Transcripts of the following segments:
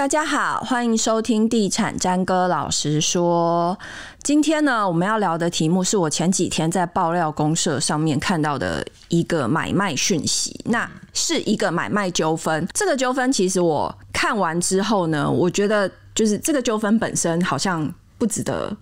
大家好，歡迎收聽《地產詹哥老實說》。今天呢，我們要聊的題目是我前幾天在爆料公社上面看到的一個買賣訊息，那是一個買賣糾紛。這個糾紛其實我看完之後呢，我覺得就是這個糾紛本身好像不值得。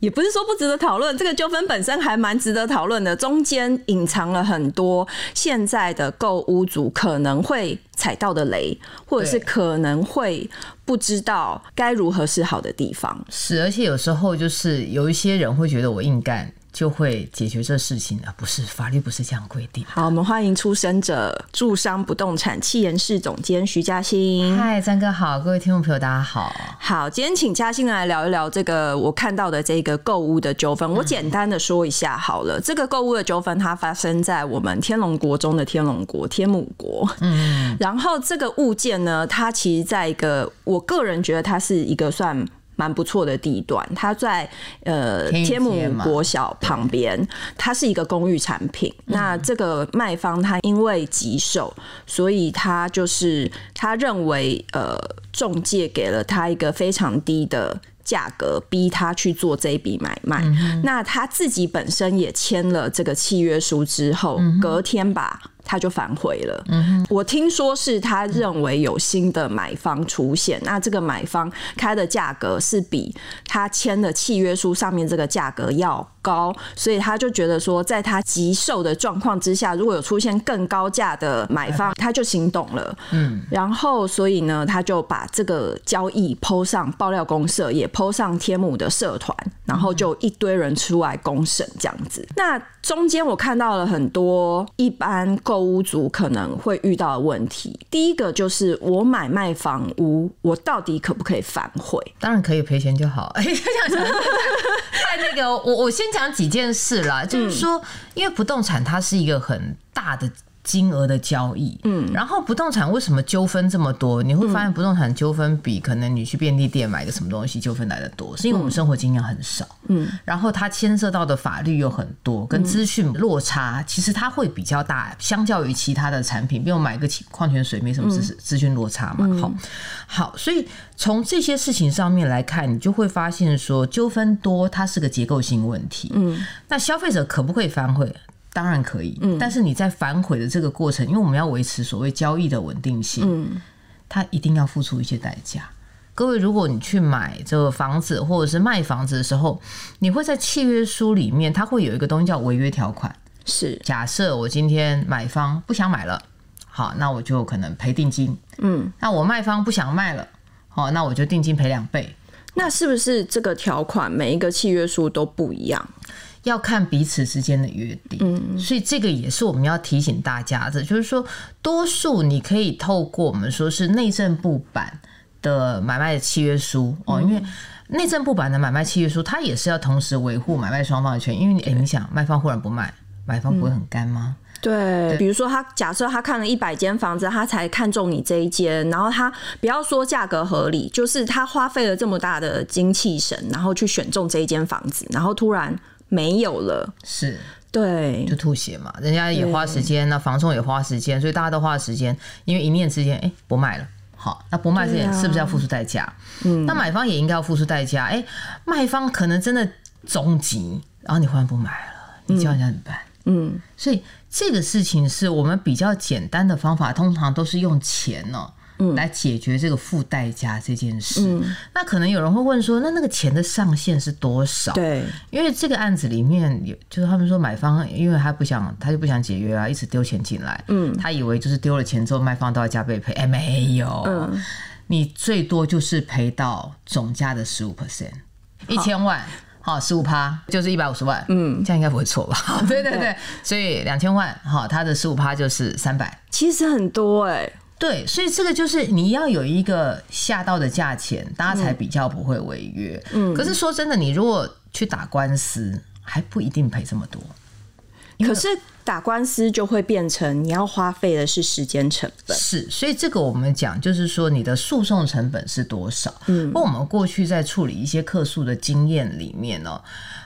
也不是說不值得討論，這個糾紛本身還蠻值得討論的，中間隱藏了很多現在的購屋族可能會踩到的雷，或者是可能會不知道該如何是好的地方。對是,而且有時候就是有一些人會覺得我硬幹。就會解決這事情啊？不是，法律不是這樣規定。好，我們歡迎出生者住商不動產企研室總監徐佳馨。嗨，詹哥好，各位聽眾朋友，大家好好。今天請佳馨來聊一聊這個我看到的這個購物的糾紛。我簡單的說一下好了，嗯、這個購物的糾紛它發生在我們天龍國中的天龍國天母國。嗯，然後這個物件呢，它其實在一個，我個人覺得它是一個算。蠻不錯的地段，他在呃天、天母國小旁邊，對它是一個公寓產品。嗯、哼那這個賣方他因為急售，所以他就是他認為呃仲介給了他一個非常低的價格，逼他去做這筆買賣。嗯、哼那他自己本身也簽了這個契約書之後，嗯、哼隔天吧，他就反悔了。嗯哼，我聽說是他認為有新的買方出現，那這個買方開的價格是比他簽的契約書上面這個價格要高，所以他就覺得說，在他急售的狀況之下，如果有出現更高價的買方，他就行動了。嗯，然後所以呢，他就把這個交易 PO 上爆料公社，也 PO 上天母的社團，然後就一堆人出來公審這樣子。那中間我看到了很多一般購屋主可能會遇到的問題，第一個就是我買賣房屋，我到底可不可以反悔？當然可以，賠錢就好。哎 他， 那個，我我先講幾件事啦。 就是說，因為不動產它是一個很大的。金額的交易，嗯，然後不動產為什麼糾紛這麼多？你會發現不動產糾紛比可能你去便利店買個什麼東西糾紛來得多，嗯、是因為我們生活經驗很少，嗯，然後它牽涉到的法律又很多，嗯、跟資訊落差其實它會比較大，相較於其他的產品，比如買個礦泉水沒什麼資、嗯、資訊落差嘛。嗯、好，好，所以從這些事情上面來看，你就會發現說糾紛多，它是個結構性問題。嗯，那消費者可不可以反悔？當然可以，嗯，但是你在反悔的這個過程，因為我們要維持所謂交易的穩定性，嗯，它一定要付出一些代價。各位，如果你去買這個房子或者是賣房子的時候，你會在契約書裡面，它會有一個東西叫違約條款。是，假設我今天買方不想買了，好，那我就可能賠定金，嗯，那我賣方不想賣了，好，那我就定金賠兩倍。那是不是這個條款每一個契約書都不一樣？要看彼此之間的約定，嗯、所以這個也是我們要提醒大家的，就是說，多數你可以透過我們說是內政部版的買賣的契約書、嗯、哦，因為內政部版的買賣契約書，它也是要同時維護買賣雙方的權，因為哎、欸，你想賣方忽然不賣，買方不會很幹嗎、嗯？對，對比如說他假設他看了一百間房子，他才看中你這一間，然後他不要說價格合理，就是他花費了這麼大的精氣神，然後去選中這一間房子，然後突然。沒有了，是對，就吐血嘛。人家也花時間那對、啊、房仲也花時間，所以大家都花時間。因為一念之間，哎、欸，不賣了，好，那不賣之前是不是要付出代價、啊？嗯，那買方也應該要付出代價。哎、欸，賣方可能真的終極，然後你忽然不買了，你叫人家怎麼辦？嗯，嗯，所以這個事情是我們比較簡單的方法，通常都是用錢呢、喔。來解決這個付代價這件事。嗯、那可能有人會問說，那那個錢的上限是多少？對，因為這個案子裡面有，就是他們說買方，因為他不想，他就不想解約啊，一直丟錢進來。嗯，他以為就是丟了錢之後，賣方都要加倍賠。哎，沒有，嗯、你最多就是賠到總價的十五 percent，一千萬，好，十五趴就是一百五十萬。嗯，這樣應該不會錯吧？嗯、 對對對， 所以兩千萬，好，它的十五趴就是三百，其實很多哎、欸。對，所以這個就是你要有一個下到的價錢，大家才比較不會違約。嗯，嗯，可是說真的，你如果去打官司，還不一定賠這麼多。可是打官司就會變成你要花費的是時間成本。是，所以這個我們講就是說你的訴訟成本是多少？嗯，那我們過去在處理一些客訴的經驗裡面呢，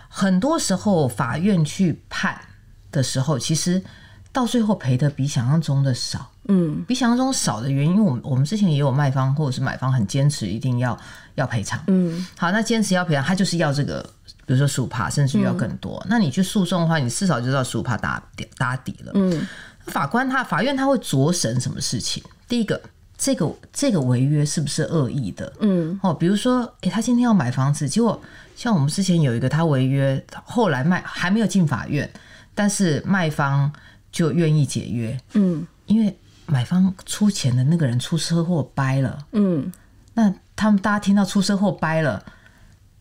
很多時候法院去判的時候，其實到最後賠的比想象中的少。嗯，比想象中少的原因，因為，我們我們之前也有賣方或者是買方很堅持一定要要賠償。嗯，好，那堅持要賠償，他就是要這個，比如說十五趴，甚至於要更多。嗯，那你去訴訟的話，你至少就到十五趴打打底了。嗯，法官他法院他會審酌什麼事情？第一個，這個這個違約是不是惡意的？嗯，哦，比如說，哎，他今天要買房子，結果像我們之前有一個他違約，後來賣還沒有進法院，但是賣方就願意解約。嗯，因為買方出錢的那個人出車禍掰了，嗯，那他們大家聽到出車禍掰了，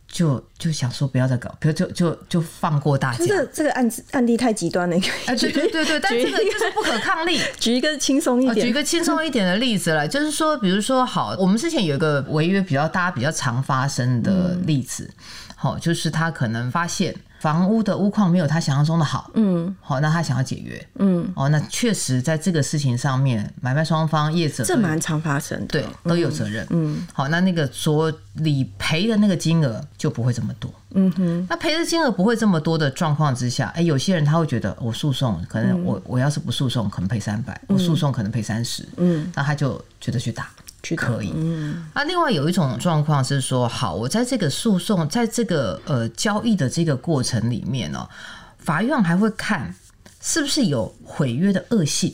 就就想說不要再搞，比如就就就放過大家。這個這個案子案例太極端了，哎，對對對對，舉，但這個，就是說不可抗力。舉一個輕鬆一點、呃，舉一個輕鬆一點的例子了，就是說，比如說好，我們之前有一個違約比較大家比較常發生的例子，好、嗯哦，就是他可能發現。房屋的屋況沒有他想象中的好，嗯，好、哦，那他想要解約，嗯，哦，那確實在這個事情上面，買賣雙方，業者這蠻常發生的，哦，對，嗯、都有責任，嗯，好、哦，那那個所理賠的那個金額就不會這麼多，嗯哼，那賠的金額不會這麼多的狀況之下，哎、欸，有些人他會覺得我訴訟可能我、嗯、我要是不訴訟可能賠三百，我訴訟可能賠三十，嗯，那他就覺得去打。去可以，嗯，那另外有一種狀況是說，好，我在這個訴訟，在這個呃交易的這個過程裡面呢，法院還會看是不是有毀約的惡性，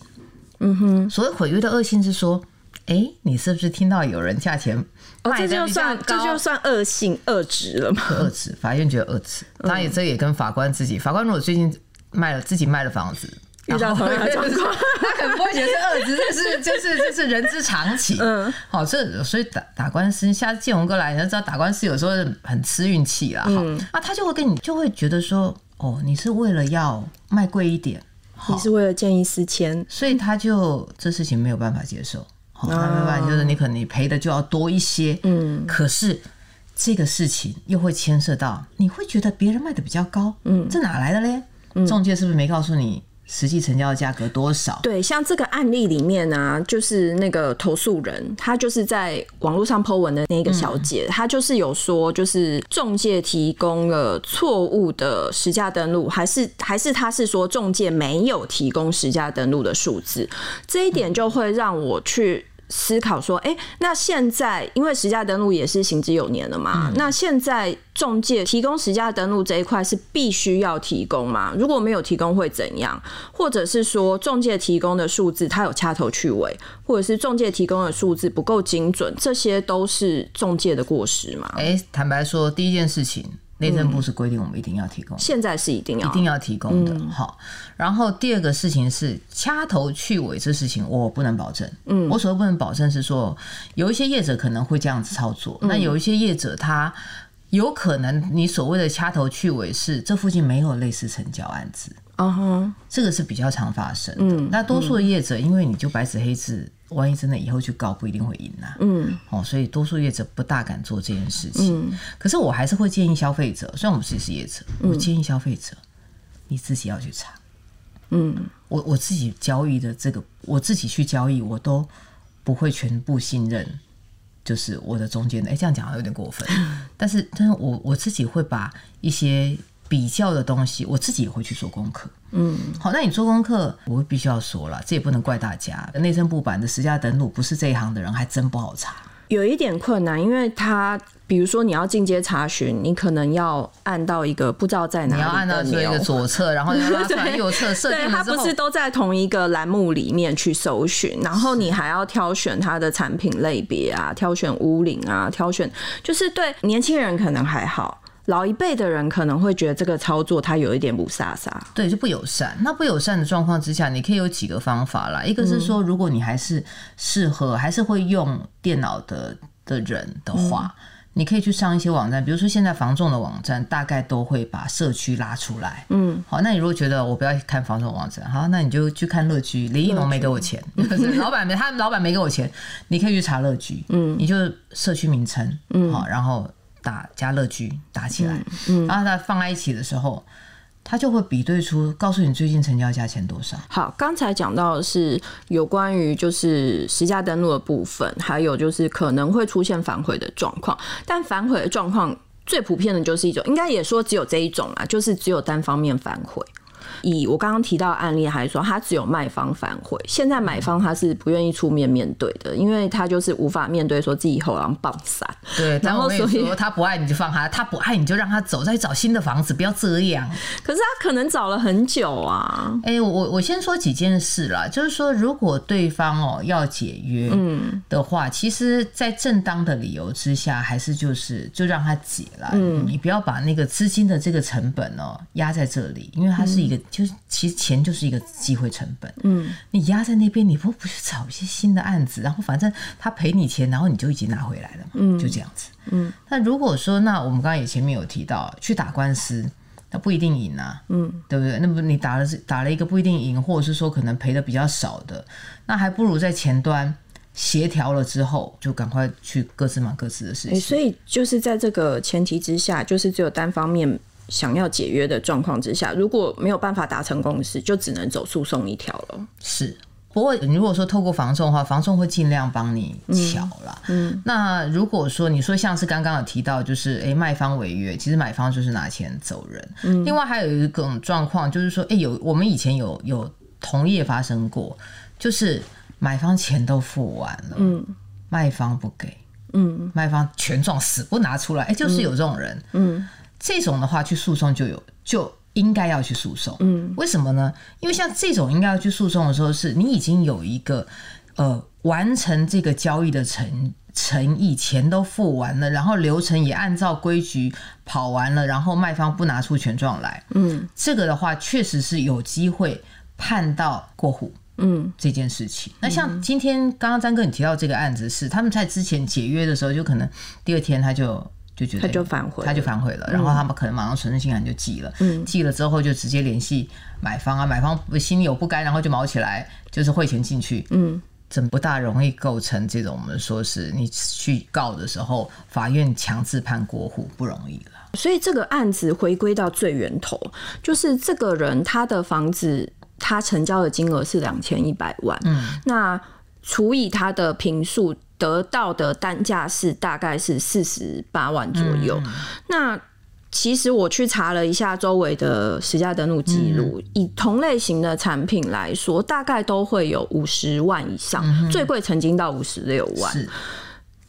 嗯哼，所謂毀約的惡性是說，哎、欸，你是不是聽到有人價錢哦，這就算這就算惡性惡質了嗎？惡質，法院覺得惡質，當然這也跟法官自己，嗯、法官如果最近賣了自己賣的房子。然後他可能不會覺得是惡之，這是就是就是人之常情。嗯，好，這所以打打官司，下次建宏哥來，你知道打官司有時候很吃運氣啊。嗯，啊，他就會跟你就會覺得說，哦，你是為了要賣貴一點，你是為了見異思遷，所以他就這事情沒有辦法接受。那沒辦法就是你可能你賠的就要多一些。嗯，可是這個事情又會牽涉到，你會覺得別人賣的比較高。嗯，這哪來的嘞？仲介是不是沒告訴你？實際成交的價格多少？對，像這個案例裡面呢、啊，就是那個投訴人，他就是在網絡上 po 文的那個小姐，她、嗯、就是有說，就是中介提供了錯誤的實價登錄，還是還是他是說中介沒有提供實價登錄的數字，這一點就會讓我去。思考說，誒、欸，那現在因為實價登錄也是行之有年了嘛，嗯、那現在仲介提供實價登錄這一塊是必須要提供嗎？如果沒有提供會怎樣？或者是說仲介提供的數字它有掐頭去尾，或者是仲介提供的數字不夠精準，這些都是仲介的過失嗎？誒、欸，坦白說，第一件事情。內政部是規定我們一定要提供的，現在是一定要一定要提供的。好、嗯，然後第二個事情是掐頭去尾這事情，我不能保證。嗯，我所謂不能保證是說，有一些業者可能會這樣子操作，嗯、那有一些業者他有可能你所謂的掐頭去尾是這附近沒有類似成交案子。啊、uh huh. 這個是比較常發生的。嗯、那多數的業者，因為你就白紙黑字，嗯、萬一真的以後去告，不一定會贏吶、啊。嗯，哦，所以多數業者不大敢做這件事情。嗯、可是我還是會建議消費者，雖然我們自己是業者，我建議消費者，嗯、你自己要去查。嗯，我我自己交易的這個，我自己去交易，我都不會全部信任，就是我的中間的。哎，這樣講好像有點過分，但是、嗯、但是，但是我我自己會把一些。比較的東西，我自己也會去做功課。嗯，好，那你做功課，我必須要說了，這也不能怪大家。內政部版的實價登錄，不是這一行的人還真不好查。有一點困難，因為他比如說你要進階查詢，你可能要按到一個不知道在哪裡，你要按到你那個左側，然後你要拉出來右側， 對，他不是都在同一個欄目裡面去搜尋，然後你還要挑選它的產品類別啊，是啊，挑選屋齡啊，挑選就是對年輕人可能還好。老一輩的人可能會覺得這個操作他有一點不颯颯，對，就不友善。那不友善的狀況之下，你可以有幾個方法啦。一個是說，如果你還是適合還是會用電腦的的人的話，嗯、你可以去上一些網站，比如說現在房仲的網站大概都會把社區拉出來。嗯，好，那你如果覺得我不要看房仲網站，好，那你就去看樂居。李一龍沒給我錢， 是老板沒他老板沒給我錢，你可以去查樂居。嗯，你就社區名稱，嗯，好，嗯、然後。打家樂居打起來，嗯，嗯然後它放在一起的時候，它就會比對出，告訴你最近成交價錢多少。好，剛才講到的是有關於就是實價登錄的部分，還有就是可能會出現反悔的狀況。但反悔的狀況最普遍的就是一種，應該也說只有這一種啊，就是只有單方面反悔。以我剛剛提到案例是說，他只有賣方反悔，現在買方他是不願意出面面對的，因為他就是無法面對說自己後狼傍散。對，但我沒有說然後所以說，他不愛你就放他，他不愛你就讓他走， 再找新的房子，不要這樣。可是他可能找了很久啊。哎、欸，我我先說幾件事啦，就是說，如果對方哦、喔、要解約嗯的話，嗯、其實，在正當的理由之下，還是就是就讓他解了。嗯，你不要把那個資金的這個成本哦、喔、壓在這裡，因為他是就是其實錢就是一個機會成本，嗯，你壓在那邊，你不不去找一些新的案子，然後反正他賠你錢，然後你就已經拿回來了嘛，嗯，就這樣子，嗯。那如果說那我們剛剛也前面有提到，去打官司，那不一定贏啊，嗯，對不對？那麼你打了打了一個不一定贏，或者是說可能賠得比較少的，那還不如在前端協調了之後，就趕快去各自忙各自的事情。所以就是在這個前提之下，就是只有單方面。想要解約的狀況之下，如果沒有辦法達成共識，就只能走訴訟一條了。是，不過你如果說透過房仲的話，房仲會盡量幫你喬啦、嗯。嗯，那如果說你說像是剛剛有提到，就是哎、欸，賣方違約，其實買方就是拿錢走人。嗯，另外還有一個狀況就是說，哎、欸，有我們以前有有同業發生過，就是買方錢都付完了，嗯，賣方不給，嗯，賣方權狀死不拿出來，哎、欸，就是有這種人，嗯。嗯這種的話去訴訟就有就應該要去訴訟，嗯，為什麼呢？因為像這種應該要去訴訟的時候是，是你已經有一個呃完成這個交易的誠誠意，錢都付完了，然後流程也按照規矩跑完了，然後賣方不拿出權狀來，嗯，這個的話確實是有機會判到過戶，嗯，這件事情。那像今天剛剛詹哥你提到這個案子是他們在之前解約的時候就可能第二天他就。就覺得他就反悔，他就反悔了，嗯、然後他們可能馬上存證信函就寄了，寄、嗯、了之後就直接聯繫買方啊，買方心裡有不甘，然後就卯起來，就是匯錢進去，嗯，怎麼不大容易構成這種我們說是你去告的時候，法院強制判過戶不容易了。所以這個案子回歸到最源頭，就是這個人他的房子他成交的金額是兩千一百萬，嗯，那除以他的坪數。得到的單價是大概是四十八萬左右。嗯、那其實我去查了一下周圍的實價登錄記錄，嗯、以同類型的產品來說，大概都會有五十萬以上，嗯、哼最貴曾經到五十六萬。是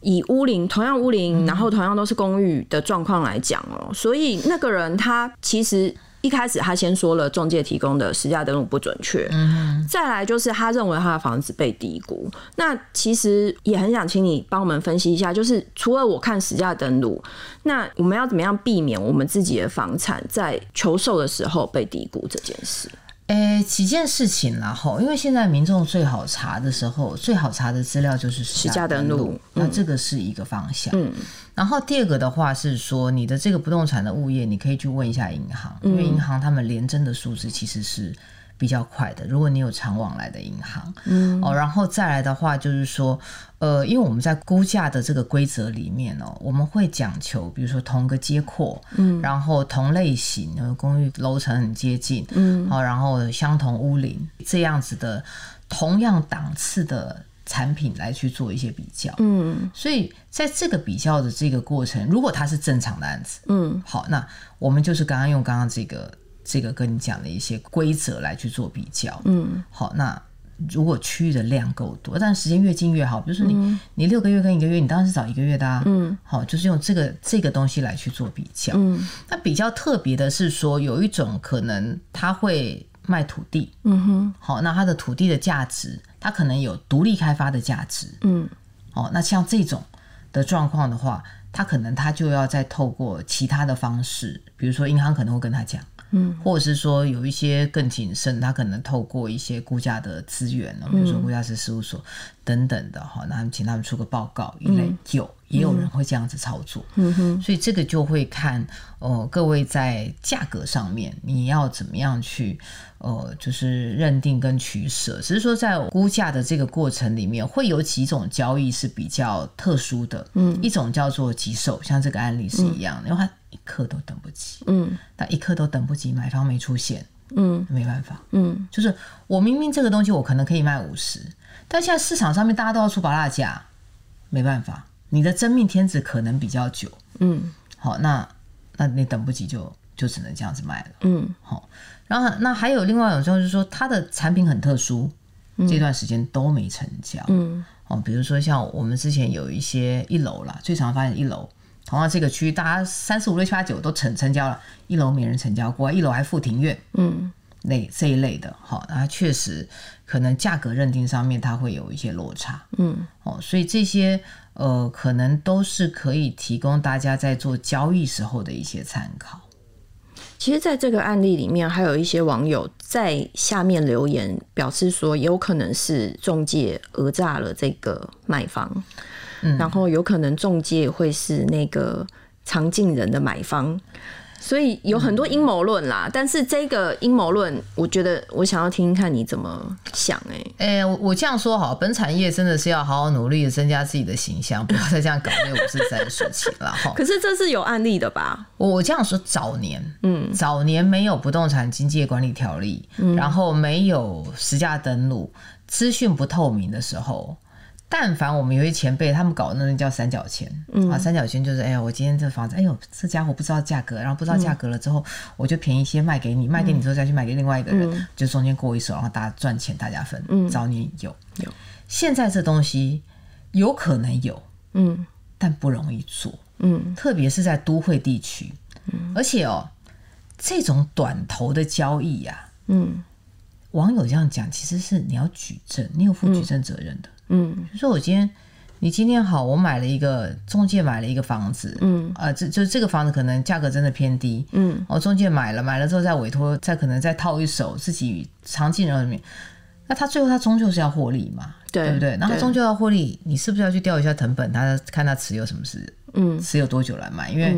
以屋齡同樣屋齡，嗯、然後同樣都是公寓的狀況來講哦、喔，所以那個人他其實。一開始他先說了仲介提供的實價登錄不準確，嗯、哼再來就是他認為他的房子被低估。那其實也很想請你幫我們分析一下，就是除了我看實價登錄，那我們要怎麼樣避免我們自己的房產在求售的時候被低估這件事？誒、欸，幾件事情、啊，然後因為現在民眾最好查的時候，最好查的資料就是實價登錄，那這個是一個方向。嗯，嗯，然後第二個的話是說，你的這個不動產的物業，你可以去問一下銀行，因為銀行他們聯徵的數字其實是。比較快的，如果你有常往來的銀行，嗯哦，然後再來的話，就是說，呃，因為我們在估價的這個規則裡面哦，我們會講求，比如說同個街廓，嗯，然後同類型的公寓樓層很接近，嗯，好、哦，然後相同屋齡這樣子的，同樣檔次的產品來去做一些比較，嗯，所以在這個比較的這個過程，如果它是正常的案子，嗯，好，那我們就是剛剛用剛剛這個。這個跟你講的一些規則來去做比較，嗯，好，那如果區域的量夠多，但時間越近越好，比如說你、嗯、你六個月跟一個月，你當然是找一個月的啊，嗯，好，就是用這個這個東西來去做比較，嗯，那比較特別的是說有一種可能他會賣土地，嗯哼，好，那他的土地的價值，他可能有獨立開發的價值，嗯，哦，那像這種的狀況的話。他可能他就要再透過其他的方式，比如說，銀行可能會跟他講，嗯，或者是說有一些更謹慎，他可能透過一些估價的資源，比如說估價師事務所、嗯、等等的哈，那他請他們出個報告一類就、嗯也有人會這樣子操作，嗯哼，嗯嗯，所以這個就會看，呃，各位在價格上面你要怎麼樣去，呃，就是認定跟取捨。只是說在估價的這個過程裡面，會有幾種交易是比較特殊的，嗯，一種叫做急售，像這個案例是一樣的，嗯，因為他一刻都等不及，嗯，他一刻都等不及，買方沒出現，嗯，沒辦法，嗯，就是我明明這個東西我可能可以賣五十，但現在市場上面大家都要出芭樂價，沒辦法。你的真命天子可能比較久，嗯，好、哦，那那你等不及就就只能這樣子賣了，嗯，好、哦，然後那還有另外一種就是說，它的產品很特殊，嗯、這段時間都沒成交，嗯，哦，比如說像我們之前有一些一樓啦，最常發現一樓，同樣這個區大家三四五六七八九都成成交了，一樓沒人成交過，一樓還附庭院，嗯，那這一類的，好、哦，那確實可能價格認定上面它會有一些落差，嗯，哦，所以這些。呃，可能都是可以提供大家在做交易時候的一些參考。其實，在這個案例裡面，還有一些網友在下面留言，表示說，有可能是仲介訛詐了這個賣方，嗯、然後有可能仲介會是那個常進人的買方。所以有很多陰謀論啦，嗯、但是這個陰謀論，我覺得我想要聽聽看你怎麼想哎、欸。哎、欸，我這樣說哈，本產業真的是要好好努力的增加自己的形象，不要再這樣搞那些不自在的事情了哈。然後可是這是有案例的吧？我這樣說，早年，嗯，早年沒有不動產經紀管理條例，嗯、然後沒有實價登錄，資訊不透明的時候。但凡我們有些前輩，他們搞的那叫三角簽、嗯、啊，三角簽就是哎呀，我今天這房子，哎呦，這傢伙不知道價格，然後不知道價格了之後，嗯、我就便宜一些賣給你，賣給你之後再去賣給另外一個人，嗯、就中間過一手，然後大家賺錢，大家分。找你有、嗯、有，現在這東西有可能有，嗯，但不容易做，嗯，特別是在都會地區，嗯，而且哦，這種短頭的交易呀、啊，嗯，網友這樣講其實是你要舉證，你有負舉證責任的。嗯嗯，就說我今天，你今天好，我買了一個中介買了一個房子，嗯，啊、呃，這就，就這個房子可能價格真的偏低，嗯，我中介買了，買了之後再委託，再可能再套一手自己長進人裡，那他最後他終究是要獲利嘛，對，對不對？那他終究要獲利，對你是不是要去調一下成本，他看他持有什麼事，嗯，持有多久來買？因為，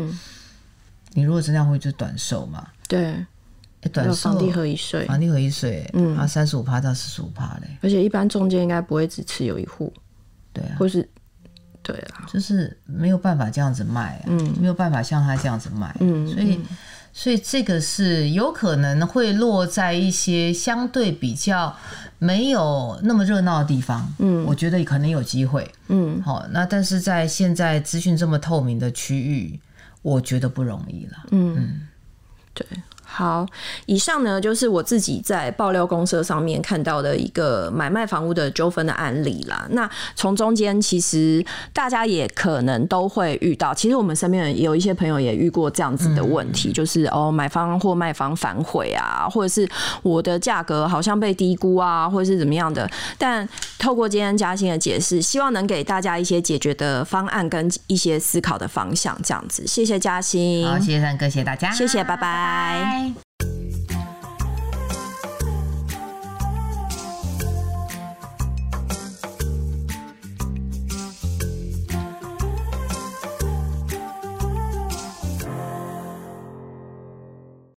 你如果真的要獲利就短售嘛，對。房地產合一稅，房地產合一稅，嗯，啊，三十五趴到四十五趴嘞。而且一般中間應該不會只持有一戶，對，或是，對啊，就是沒有辦法這樣子賣啊，嗯，沒有辦法像他這樣子賣，嗯，所以，所以這個是有可能會落在一些相對比較沒有那麼熱鬧的地方，嗯，我覺得可能有機會，嗯，好，那但是在現在資訊這麼透明的區域，我覺得不容易了，嗯，對。好，以上呢就是我自己在爆料公社上面看到的一個買賣房屋的糾紛的案例啦。那從中間其實大家也可能都會遇到，其實我們身邊有一些朋友也遇過這樣子的問題，嗯、就是哦買方或賣方反悔啊，或者是我的價格好像被低估啊，或者是怎麼樣的。但透過今天佳馨的解釋，希望能給大家一些解決的方案跟一些思考的方向，這樣子。謝謝佳馨，好，謝謝詹哥，謝謝大家，謝謝，拜拜。拜拜。